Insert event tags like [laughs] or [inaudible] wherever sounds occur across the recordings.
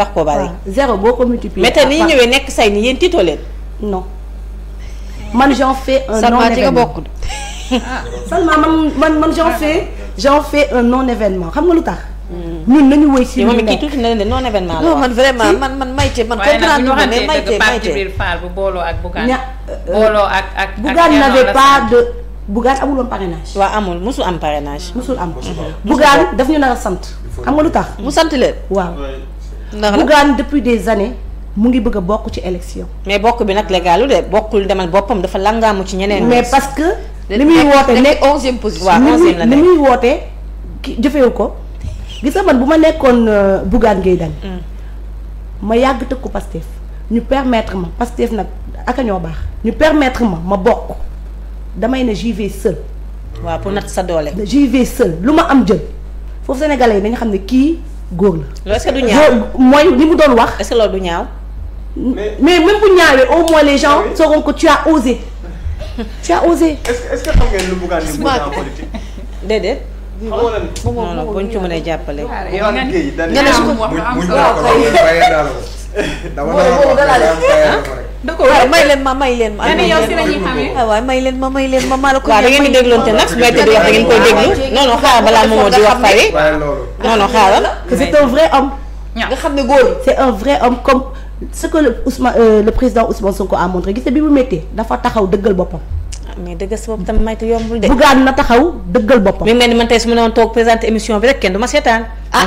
tax ko bari. zéro boo ko multiplier. mais tey ni ñu ñëwee nekk say ni yéen tiitoo leen. non man j'en fais un non événement seulement ah, man man man j'en fais j'en fais un non événement xam nga lu tax. Hmm. ñun nañu woy si moom nekk tuuti na leen non événement la man vraiment man man Maïté man. comprendre nga mais Maïté Maïté bu booloo ak Bougane. Euh, booloo ak ak Bougane n'avait pas de Bougane amul woon parrainage. waaw amul mosul am parrainage. mosul am mhm. Bougane daf ñu nar sant. xam nga lu tax mu sant leen waaw. Bougane depuis des années mu ngi bëgg bokk ci élection. mais bokk bi nag légalu de bokkul demal boppam dafa langaamu ci ñeneen. mais parce que. li muy woote nekk onzième position. li muy woote ki jëfewu ko. gis nga man bu ma nekkoon euh, Bougane Gueye Dany hmm. ma yàgg tëkku Pastef ñu permettre ma Pastef nag aka ñoo baax ñu permettre ma ma bokk damay ne j'y vais seul. waaw pour sa doole. j'y vais seul lu ma am jël foofu sénégalais yi dañu xam ne kii góor la. est-ce que du mooy li mu doon wax. est-ce que loolu du ñaaw. mais même bu ñaawee au moins les gens sauront que tu as osé. tu as osé. est-ce que xam ngeen lu Bougane ni en politique. déedéet. xam nga lan buñ ci mënee jàppale. yow nga ne nga ah, ne su ko wax am solo da ko waaw may leen ma may leen ma. may leen ma may leen ma may leen ma maa la ko. waaw ngeen di dégloonte nag su may tëdd wax da ngeen koy déglu. non non xaaral balaa moomoo di wax pare. non non xaaral. que c'est un vrai homme. nga xam ne góor c'est un vrai homme comme ce que le Ousmane euh, le président Ousmane Sonko a montré gis bi mu méttee dafa taxaw dëggal boppam. man tey su ma doon toog présenté émission bi rek ma seetaan. ah,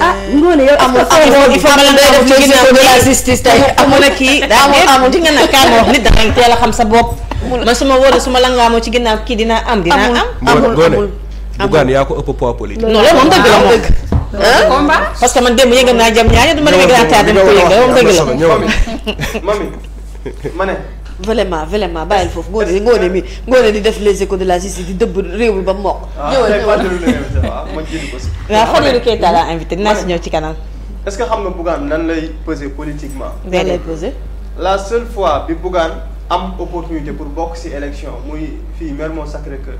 ah ngoone yow amul amul il faut que def ci ginnaaw de la justice tey amul na kii amul ci nga nag a xam sa bopp. man su langaamoo ci ginnaaw kii dinaa am. dinaa am amul amul bugaan yaa ko ëpp poids politique. non loolu moom dëgg la moom. Ah? combat parce que man démb yëngal naa jam ñaar duma demee grand théâtre dama ko yëngal moom dëgg la vraiment vraiment bàyyil foofu ngoone ngoone mi ngoone di def les échos de la justice di dëbb réew mi ba mu mokk. Ah, ñëwal ñëwal [laughs] waaw Fadilou Keita laa invité dinaa si ñëw ci kanam. est-ce xam nga Bougane nan lay peser politiquement. nan lay peser. la seule fois bi Bougane am opportunité pour bokk ci élection muy fii Mermoz Sacré-Cœur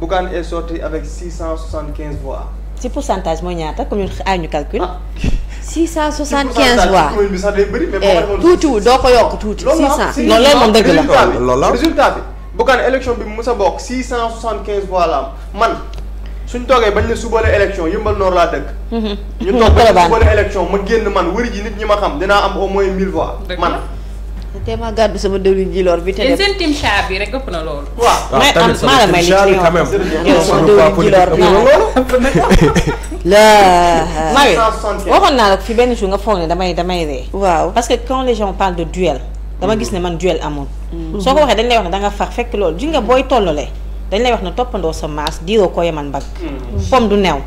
Bougane est sorti avec six cent soixante quinze voix. ci pourcentage mooy ñaata comme ñu ñu calcul. Ah. [laughs] 675 voix eh, tuutiwul doo ko yokk tuuti. 600 loolu la moom dëgg la loolu la résultat bi Bougane élection bi mu sa bokk 675 voix la am man suñ toogee bañ ne suba la élection yëmbal noor laa dëkk. Mhm. ñu toog bañ ne ma génn man wëri nit ñi ma xam dinaa am au moins 1000 man. te ma gàddu sama dëwlin jiloor bi. te dem seen timsha bi rek ëpp na loolu. waaw ah, mais am maa la may li ci yow sama dëwlin jiloor bi [laughs] la [laughs] Marie waxoon naa la fi benn jour nga foog ne damay damay ree waaw parce que quand les gens parlent de duel dama gis ne man duel amul. Mm-hmm. soo ko waxee dañ lay wax ne da nga far fekk loolu ji nga booy tollale dañ lay wax ne toppandoo sa maas diiroo ko yeman mbagg. pom mm-hmm. du neew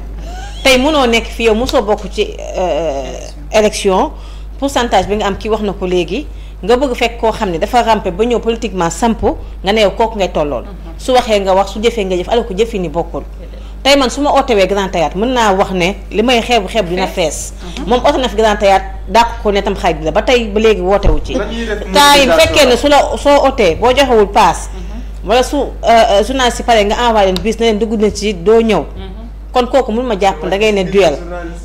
tey mënoo nekk fi yow mosoo bokk ci euh, euh, élection pourcentage bi nga am kii wax na ko léegi. nga bëgg fekk koo xam ne dafa rampe ba ñëw politiquement sampo nga ne kooku ngay tollool mhm. su waxee nga wax su jëfee nga jëf alors ko jëfi ni bokkul tey man su ma otee Grand Théâtre mën naa wax ne li may xeebu xeeb dina fees mhm. moom oote na fi Grand Théâtre dàq ko ne tam xarit bi la ba tey ba léegi wootewu ci temps yi fekkee ne su la soo otee boo joxewul paas mhm. wala su euh, euh, journaliste si pare nga envoyé leen bis na leen dugg na ci doo ñëw kon kooku mun ma jàpp da ne duel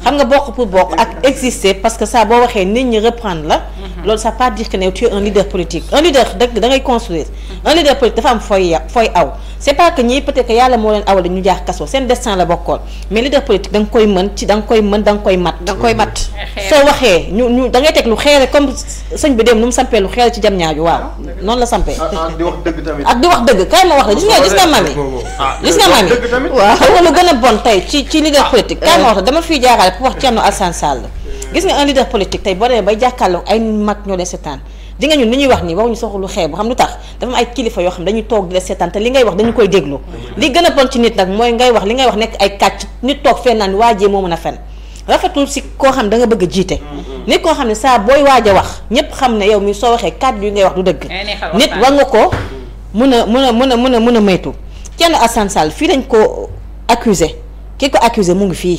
xam nga bokk pour bokk ak exister parce que ça boo waxee nit ñi reprendre la. Mhm. loolu ça pas dire que ne tu es un leader politique un leader da construire. Mhm. un leader politique dafa am fooy fooy aw c'est pas que ñii peut-être yàlla moo leen awale ñu jaax kaso seen destin la bokkoon mais leader politique da nga koy mën ci da koy mën da nga koy mat. da nga koy mat mhm. soo waxee ñu ñu da ngay teg lu xeere comme sëñ bi ci jam ñaaju waaw noonu la sampee. Ah, ah, di wax dëgg tamit dëgg kay ma ci ci leader politique kay moo tax dama fiy jaaraale pour wax Thierno Alassane Sall gis nga un leader politique tey boo demee bay jàkkaarloo ay mag ñoo lay seetaan di nga ñun li ñuy wax ni nii waruñu xee xeebu xam ne tax dafa am ay kilifa yoo xam dañuy toog di la seetaan te li ngay wax dañu koy déglu li gën a bon ci nit nag mooy ngay wax li ngay wax nekk ay kàcc nit toog fen naan waajee moo mën a fen rafetul si koo xam da nga bëgg a jiite nit koo xam ne saa booy waaj a wax ñépp xam ne yow mi soo waxee kàddu yi ngay wax du dëgg eh, nit war nga ko mën a mën a mën a mën a mën a moytu Thierno Alassane fii lañ ko accusé ki ko accusé mu ngi fii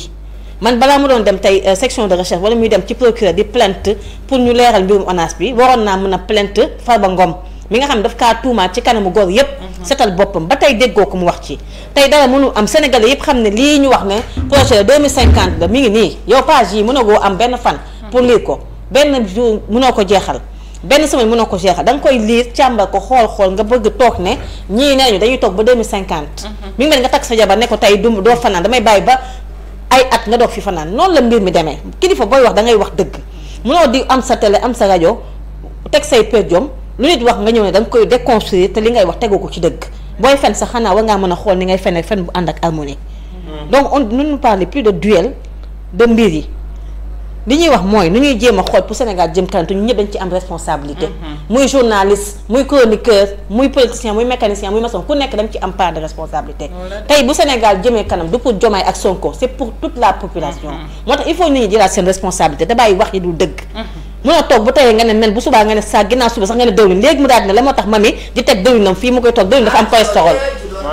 man balaa mu doon dem tey euh, section de recherche wala muy dem ci procureur di plainte pour ñu leeral mbirum ONAS bi waroon naa mën a plainte Farba Ngom mi nga xam ne daf kaa tuumaat ci kanamu góor yépp mhm. setal boppam ba tey déggoo ko mu wax ci tey dara mënu am sénégalais yépp xam ne lii ñu wax ne projet 2050 la mi ngi nii yow page yi mënagoo am benn fan mhm. pour lire ko benn jour mënoo ko jeexal benn semaine mënoo ko jeexal danga koy liir càmbar ko xool-xool nga bëgg toog ne ñii nee ñu dañuy toog ba 2050. Mhm. mi ngi mel nga takk sa jabar ne ko tey du doo fanaan damay bàyyi ba ay at nga doog fi fanaan noonu la mbir mi demee kilifa booy wax da ngay wax dëgg mënoo di am sa télé am sa rajo teg say per jom lu nit wax nga ñëw ne da nga koy déconstruire te li ngay wax tegu ko ci dëgg booy fen sa xanaa war ngaa mën a xool ni ngay fene fen bu ànd ak harmonie. Mhm. donc on ne nous parle plus de duel de mbir yi. li ñuy wax mooy nu ñuy jéem a xool pour Sénégal jëm kanam te ñun ñëpp dañ ci am responsabilité. Mm-hmm. muy journaliste muy chroniqueur muy politicien muy mécanicien muy maçon ku nekk dañ ci am part de responsabilité. tey bu Sénégal jëmee kanam du pour Diomaye ak Sonko c'est pour toute la population. Mm-hmm. moo tax il faut nit ñi jëlaat seen responsabilité da bàyyi wax yi du dëgg. mënoo mm-hmm. toog bu teyee nga ne men bu subaa nga ne saa ginnaaw suba sax nga ne dëwlin léegi mu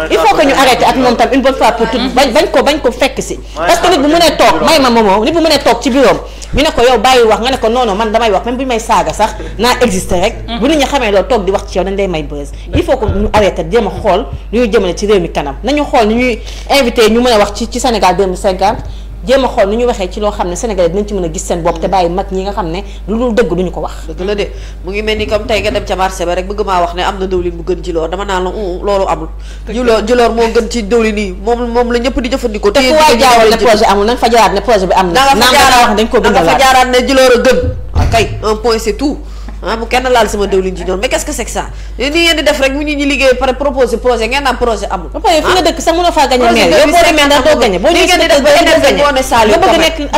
il faut que ñu arrêté ak moom tam une bonne bañ ko bañ ko fekk si parce que nit bu mënee toog may ma moomoo nit bu mënee toog ci bureau ñu ne ko yow bàyyi wax nga ne ko non man damay wax même bu ñu may saaga sax naa existé rek mhm. bu nit ñu xamee loolu toog di wax ci yow dañ lay may buzz il faut que ñu arrêté jéem a xool ñu jëmale ci réew mi kanam nañu xool nu ñuy invité ñu mën a wax ci ci Sénégal 2050 jéem a xool nu ñu waxee ci loo xam ne sénégalais dinañ ci mën a gis seen bopp te mm. bàyyi mag ñi nga xam ne lu dul dëgg duñu ko wax dëgg la de mu ngi mel ni comme tey nga dem ca marché ba rek bëgg maa wax ne am na dëwlin bu gën ci loor dama naan la mm, loolu amul juloor juloor moo gën ci dëwlin yi moom moom la ñëpp di jëfandikoo te ku waay jaawal ne projet amul na nga fa jaaraat ne projet bi am na nga fa jaaraat ne juloor a gën ah, kay un point c'est tout ah bu kenn laal sama diwlin ci ñoom mais quest que c'est que ça ni ngeen di def rek mu ñu ñu liggéey pare proposé projet ngeen am projet amul. ba pare fi nga ah? dëkk sax mën a faa gagné maire yow boo di ndax doo ne Saliou nga bëgg nekk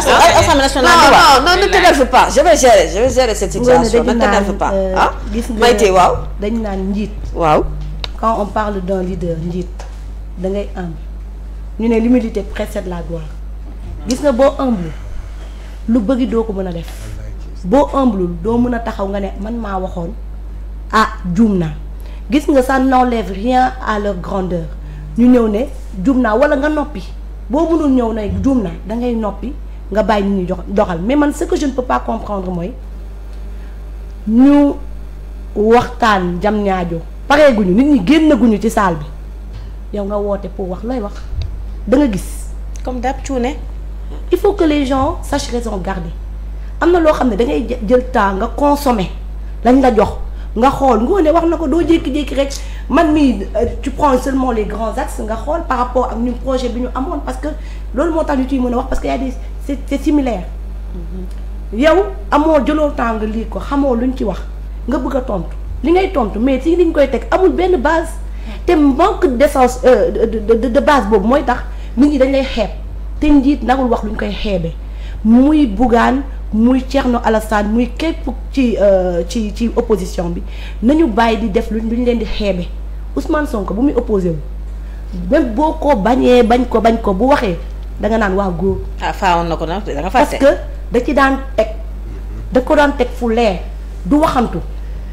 ne t'énerve pas je vais gérer je vais gérer cette situation ne t'énerve pas euh, ah Maïté waaw dañ naan njiit waaw quand on parle d'un leader njiit da ngay am ñu ne l'humilité set la gloire gis nga boo humble lu bëgg doo ko mën a def boo ëmblul doo mën a taxaw nga ne man maa waxoon ah juum naa gis nga ça n'enlève rien à leur grandeur ñu ñëw ne juum naa wala nga noppi boo mënul ñëw ne juum na da ngay noppi nga bàyyi nit ñi doxal mais man ce que je ne pas comprendre mooy ñu waxtaan jam ñaajo pareeguñu nit ñi génnaguñu ci saal bi yow nga woote pour wax looy wax danga gis. comme d'hab cuune. il faut que les gens sachent raison garder. am na loo xam ne da ngay jël temps nga consommer lañ la jox nga xool ngoone wax na ko doo jékki-jékki rek man mii euh, tu prends seulement les grands axes nga xool par rapport ak ñu projet bi ñu amoon parce que loolu moo tax ñu ciy mën a wax parce que y a mm-hmm. yow amoo jëloo temps nga lii ko lu ñu ci wax nga bëgg a tontu li ngay tontu mais si liñ koy teg amul benn base te manque d'essence euh, de de base boobu mooy tax nit ñi dañ lay xeeb te njiit nagul wax lu ñu koy xeebe muy bugaan muy Thierno Alassane muy képp ci euh, ci ci opposition bi nañu bàyyi di def luñ ñu leen di xeebe Ousmane Sonko bu muy opposé wu même boo ko bañee bañ ko bañ ko bu waxee da nga naan waa góor. ah faawoon na ko nag da parce que da ci daan teg da ko daan teg fu leer du waxantu.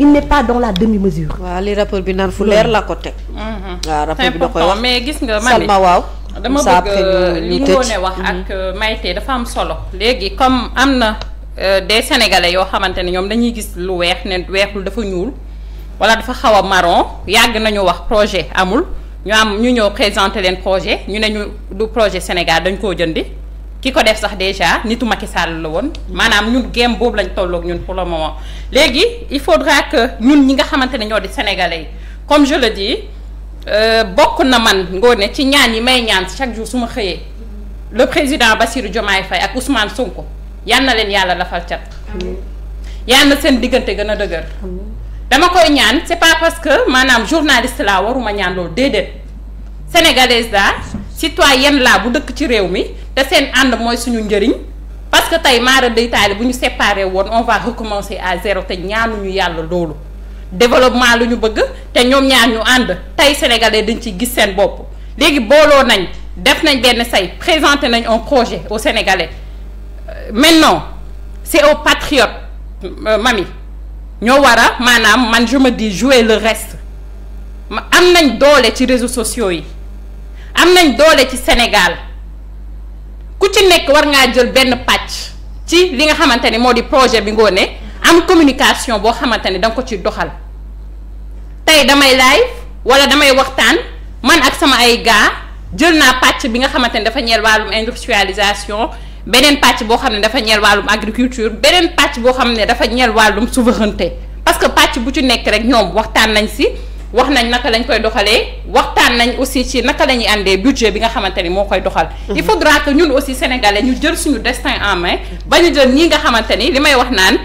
il n'est pas dans la demi-mesure. waaw li rapport bi naan fu leer laa ko teg. Mm-hmm. waaw rapport bi da koy wax mais gis nga. Salma waaw. dama bëgg euh, li Ngoné wax ak mhm. euh, Maïté dafa am solo léegi comme am na euh, des sénégalais yoo xamante ne ñoom dañuy gis lu weex ne weexul dafa ñuul wala dafa xaw a marron yàgg nañu wax projet amul ñu am ñu ñëw présenter leen projet ñu ne ñu du projet Sénégal dañ koo jëndi ki ko def sax déjà nitu Macky Sall la woon mhm. maanaam ñun game boobu lañ tolloog ñun pour le léegi il faudra que ñun ñi nga xamante ne ñoo di sénégalais yi comme je le dis Euh, bokk na man ngoone ci ñaan yi may ñaan chaque jour su ma xëyee le président Bassirou Diomaye fay ak Ousmane Sonko yal na leen yàlla lafal cat. yal na seen diggante gën a dëgër. dama koy ñaan c'est pas parce que maanaam journaliste laa waruma ñaan loolu déedéet sénégalaise daa citoyenne laa bu dëkk ci réew mi te seen ànd mooy suñu njëriñ parce que tey maara day taali bu ñu séparé woon on va recommencer à zéro te ñaanuñu yàlla loolu. développement lu ñu bëgg te ñoom ñaar ñu ànd tey sénégalais dañ ci gis seen bopp léegi booloo nañ def nañ benn say présenté nañ un projet aux sénégalais euh, maintenant c'est au patriotes euh, mami ñoo war a maanaam man je me dis le reste ma am nañ doole ci réseaux sociaux yi am nañ doole ci Sénégal ku ci nekk war ngaa jël benn pàcc ci li nga xamante ni moo di projet bi ngoo ne am communication boo xamante ne danga ko ci doxal tey damay live wala damay waxtaan man ak sama ay gars jël naa pàcc bi nga xamante ne dafa ñel wàllum industrialisation beneen pàcc boo xam ne dafa ñel wàllum agriculture beneen pàcc boo xam ne dafa ñeel wàllum souveraineté parce que pàcc bu ci nekk rek ñoom waxtaan nañ si wax nañ naka lañ koy doxalee waxtaan nañ aussi ci naka la àndee budget bi nga xamante ni moo koy doxal. Mhm. il faudra que ñun aussi sénégalais ñu jël suñu destin en main. ba ñu jël xamante ni li may naan.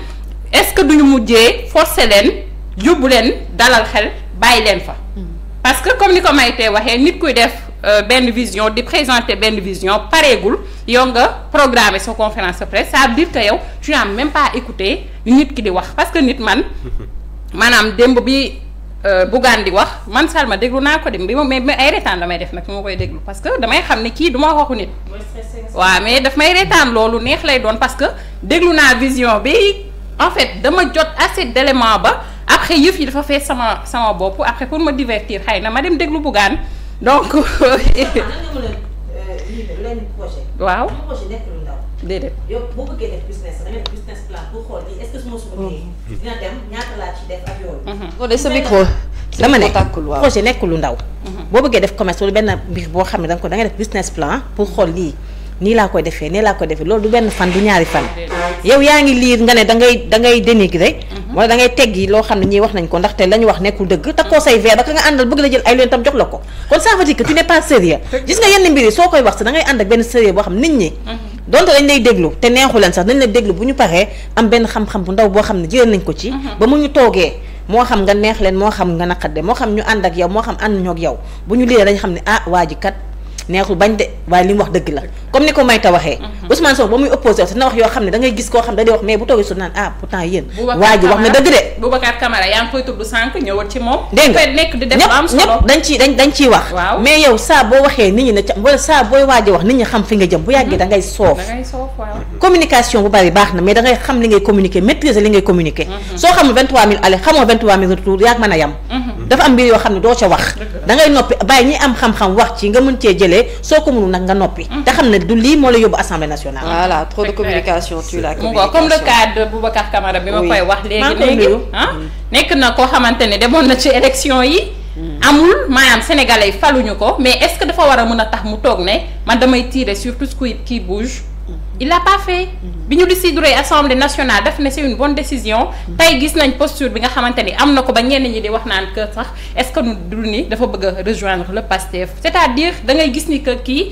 est-ce que duñu mujjee forcer leen yóbbu leen dalal xel bàyyi leen fa. Hmm. parce que comme ni ko Maïté waxee nit kuy def euh, benn vision di présenter benn vision pareegul yow nga programme sa conférence de presse ça veut dire que yow tu n'as même pas écouté nit ki di wax parce que nit man. [laughs] maanaam démb bi euh, Bougane di wax man Salma déglu naa ko dem bi moom mais ay reetaan damay def nag fi ma koy déglu parce que damay xam ni kii du ma waxu nit. waaw mais daf may reetaan loolu neex lay doon parce que déglu naa vision bi. en fait dama jot assez d'éléments ba après yëf yi dafa fees sama sama bopp après pour ma divertir xëy na ma dem déglu Bougane donc. Ah, [laughs] euh, waaw déedéet. yow boo bëggee def business da ngay def business plan pour mm-hmm. mm-hmm. dama ne projet nekk lu ndaw. Mm-hmm. boo bëggee def commerce wala benn mbir boo xam ne da ko da nga def business plan pour xol lii. nii laa koy defee nii laa koy defee loolu du benn fan du ñaari fan. yow yaa ngi liir nga ne da ngay da ngay dénigrer. Mhm. wala da ngay teggi loo xam ne ñii wax nañ ko ndaxte la ñu wax nekkul dëgg. takkoo say verre ba ka nga àndal bëgg la jël ay leen tam jox la ko kon ça veut dire que tu n'es pas soo koy wax si da ngay ànd ak benn sérieux boo xam nit ñi. Mhm. donte dañ lay déglu te neexu leen sax dañ lay déglu bu ñu paree am benn xam-xam bu ndaw boo xam ne jëlee nañ ko ci. Mhm. ba mu ñu toogee moo xam nga neex leen moo xam nga naqade moo xam ñu ànd ak yow xam ànd ñoo yow bu ñu liiree dañ xam ne ah waa kat neexul bañ de waaye li wax dëgg la comme ni ko Mayta waxee mm-hmm. Ousmane Sonko ba muy opposé dina wax yoo xam ne da ngay gis koo xam ne da wax mais bu toogee su naan waxee nit ñi ne ca wala wax nit xam nga jëm bu mm-hmm. yàggee da ngay soof communication bu bari baax na mais da ngay xam li ngay communiquer maîtriser li ngay communiquer mm-hmm. soo xamul 23000 allez xamoo 23000 retour yaa mën a yam dafa am mbir yoo xam ne doo ca wax dangay noppi bàyyi ñi am xam-xam wax ci nga mën cee jëlee soo ko mënul nag nga noppi mm-hmm. te xam ne du lii moo la yóbbu assemblée nationale voilà trop de communication tu la communication comme le cas de Boubacar Camara bi ma koy wax léegi ah, mm. nekk na koo xamante ne demoon na ci élection yi mm. amul maanaam sénégalais faluñu ko mais est-ce que dafa war a mën a tax mu toog ne man damay tirer sur tout ce qui bouge il l'a pas fait bi ñu décidé assemblée nationale daf ne c'est une bonne décision tey gis nañ posture bi nga xamante ni am na ko ba ñenn ñi di wax naan que sax est-ce que nu dul ni dafa bëgg a rejoindre le PASTEF c'est-à-dire gis ni kër kii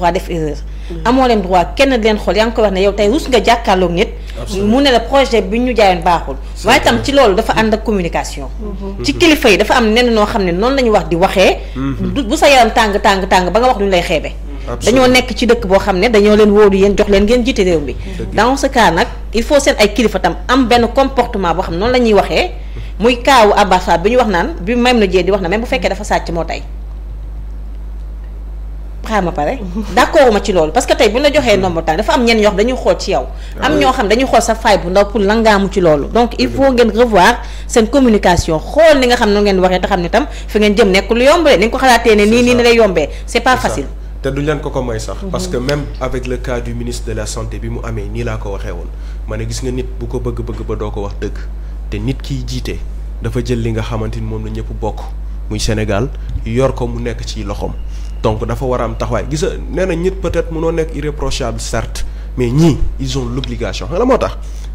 droit def erreur. amoo leen droit kenn di leen xool yaa ngi ko wax ne yow tey rus nga jàkkaarloog nit. mu ne la projet bi ñu jaayoon baaxul. waaye tam ci loolu dafa ànd ak communication. Mhm. ci kilifa yi dafa am nenn noo xam ne noonu la ñu wax di waxee. Mhm. bu sa yaram tàng tàng tàng ba nga wax duñu lay xeebe. dañoo nekk ci dëkk boo xam ne dañoo leen wóolu yéen jox leen ngeen jiite réew mi. dans ce cas nag il faut seen ay kilifa tam am benn comportement boo xam noonu la ñuy waxee. muy kaawu Abbas bi ñu wax naan bi na jee di na même bu fekkee dafa sàcc moo tey xaar ma pare d'accord ci loolu parce que tey bu ñu la joxee nombre temps dafa am ñenn ñoo xam dañuy xool ci yow ah am ñoo xam dañuy xool sa faay bu ndaw pour langaamu ci loolu donc il faut ngeen revoir seen communication xool ni nga xam ne ngeen waxee te ne tam fi ngeen jëm nekk lu yombee ni nga ko xalaatee ko ko may sax mm-hmm. parce du ko waxee woon ma ne gis nga nit bu ko bëgg-bëgg ba doo ko wax dëgg te nit kiy jiite dafa jël li nga xamante ni moom la ñëpp bokk muy Sénégal yor ko mu nekk ci loxoom donc dafa war a am taxawaay gisa nee na nit peut-être mënoo nekk irréprochable certes mais ñii ils ont l'obligation xam moo tax